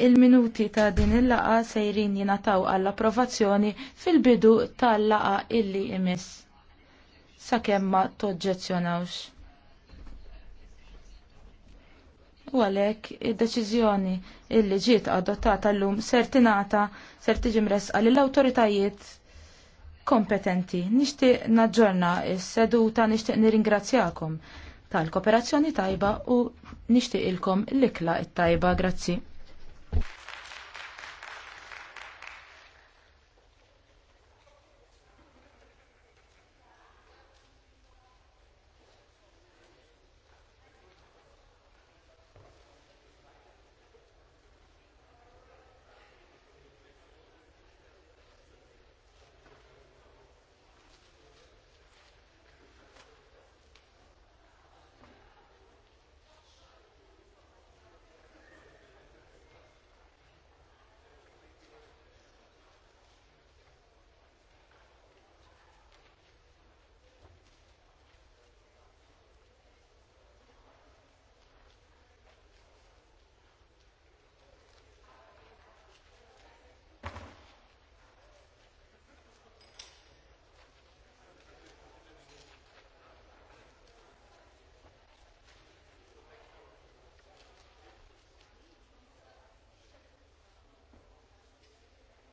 Il-minuti ta' din il-laqa sejrin jinataw għall-approvazzjoni fil-bidu tal-laqa illi jmiss. Sakemm ma toġġezzjonawx. U għalhekk id-deċiżjoni illi ġiet adottata llum ser tingħata ser tiġi mresqa lill-awtoritajiet kompetenti. Nixtieq naġġorna s-seduta nixtieq nirringrazzjakom tal-kooperazzjoni tajba u nixtieq ilkom l-ikla it-tajba. Grazzi.